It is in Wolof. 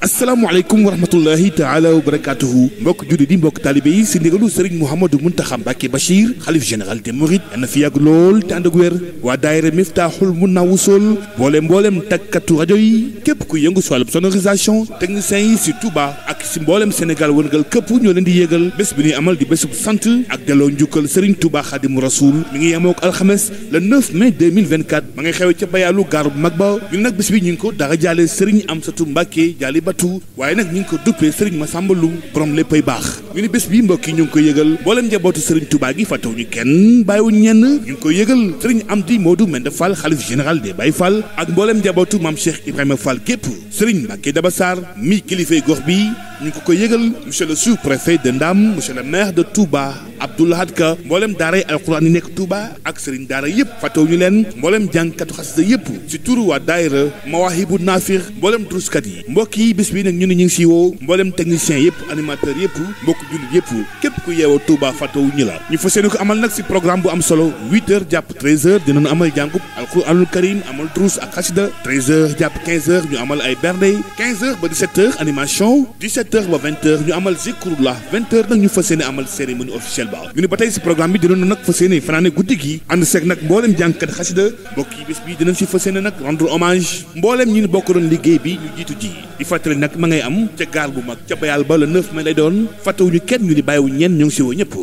asalaamaaleykum wa rahmatullahi taala wa barakaatuhu mbokk julli di mbokk taalibé yi si ndigalu Serigne Mouhamadou Mountakha Mbacké Bachir xalif général des Mourides na fi yàgg lool te ànd waa daayira Miftaaxul Munaa Wusool boole mbooleem takkatu rajo yi képp ku yëngu si wàllub sonorisation yi si Touba ak si mboolem Sénégal wërngal këpp ñoo leen di yéegal bés bi ñuy amal di bésub sant ak delloo njukkal Serigne Touba Xadimu Rasoul mu ngi yemook alxames le 9 mai 2024 ma ngi xewe ca bayaalu gaaru bu mag ba ñun nag bés bi ñu ngi ko dara jaale Serigne Amsatou Mbacke jaali batu waaye nag ñu ngi ko duppee ma Massamba Loum borom léppay baax ñu ni bés bi mbokk yi ñu ngi koy yëgal mboolem njabootu sëriñ Touba gi fàttewu ñu kenn bàyyiwu ñenn ñu ngi koy yëgal sëriñ Amdi Modou Mende Fall xalif général des Baye Fall ak mboolem njabootu maam Cheikh Ibrahima Fall képp sëriñ Mbacke Daba Sarr mi kilifay gox bi ñu ngi ko koy yëgal monsieur le sous-préfet de Ndam monsieur le maire de Touba Abdoul Ahad Ka mbooleem daaray alquran yi nekk Touba ak sëriñ daara yëpp fàttewu ñu leen mbooleem jàngkatu xasida yëpp si turu waa daayira Mawaahibu Naafir mbooleem druskat yi mbokk yi bis bi nag ñu ne ñu ngi si woo mbooleem technicien yëpp animateur yëpp mbokk jullit yëpp képp ku yeewoo Touba fàttewu ñu la ñu fas yéene ko amal nag si programme bu am solo 8 heures jàpp 13 heures dinañu amal jàngub alquranul karim amal drus ak xasida 13 heures jàpp 15 heures ñu amal Bilbao ñu ne ba tey si programme bi dinañu nag fas yéene fanaane guddi gi ànd seeg nag mbooleem jàngkat xasida mbokk yi bés bi dinañ si fas yéene nag rendre hommage mbooleem ñi bokk doon liggéey bi ñu jiitu ji di fàttali nag ma ngay am ca gaar bu mag ca bayal ba le 9 mai lay doon fàttewuñu kenn ñu ni bàyyiwu ñenn ñu ngi si woo ñëpp